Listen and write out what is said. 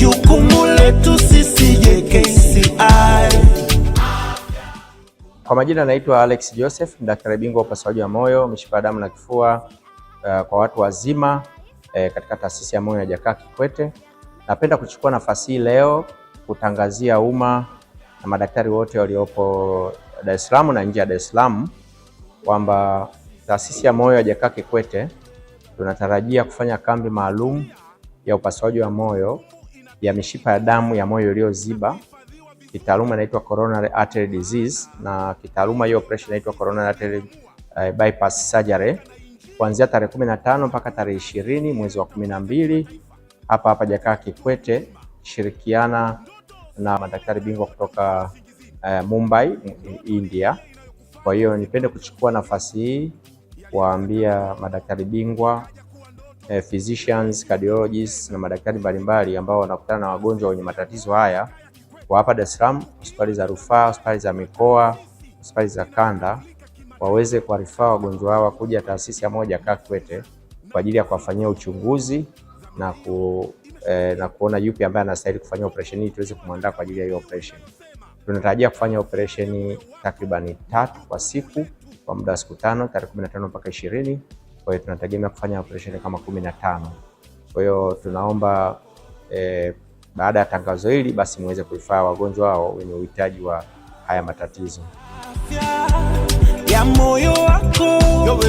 jukumu letu sisi JKCI. Kwa majina naitwa Alex Joseph, daktari bingwa upasuaji wa moyo, mishipa ya damu na kifua uh, kwa watu wazima uh, katika taasisi ya moyo ya Jakaya Kikwete. Napenda kuchukua nafasi hii leo kutangazia umma na madaktari wote waliopo Dar es Salaam na nje ya Dar es Salaam kwamba taasisi ya moyo ya Jakaya Kikwete tunatarajia kufanya kambi maalum ya upasuaji wa moyo ya mishipa ya damu ya moyo iliyoziba, kitaaluma inaitwa coronary artery disease, na kitaaluma hiyo operation inaitwa coronary artery uh, bypass surgery, kuanzia tarehe 15 mpaka tarehe 20 mwezi wa 12 hapa hapa Jakaya Kikwete, shirikiana na madaktari bingwa kutoka uh, Mumbai, India. Kwa hiyo nipende kuchukua nafasi hii kuwaambia madaktari bingwa eh, physicians, cardiologists na madaktari mbalimbali ambao wanakutana na wagonjwa wenye matatizo haya kwa hapa Dar es Salaam, hospitali za rufaa, hospitali za mikoa, hospitali za kanda, waweze kuwarifaa wagonjwa hawa kuja taasisi ya moja Jakaya Kwete kwa ajili ya kuwafanyia uchunguzi na ku eh, na kuona yupi ambaye anastahili kufanya operation hii tuweze kumwandaa kwa ajili ya hiyo operation. Tunatarajia kufanya operation takribani tatu kwa siku kwa muda wa siku tano, tarehe 15 mpaka 20 kwa hiyo tunategemea kufanya operesheni kama kumi na tano. Kwa hiyo tunaomba e, baada ya tangazo hili basi muweze kuifaa wagonjwa wao wenye uhitaji wa haya matatizo ya moyo wako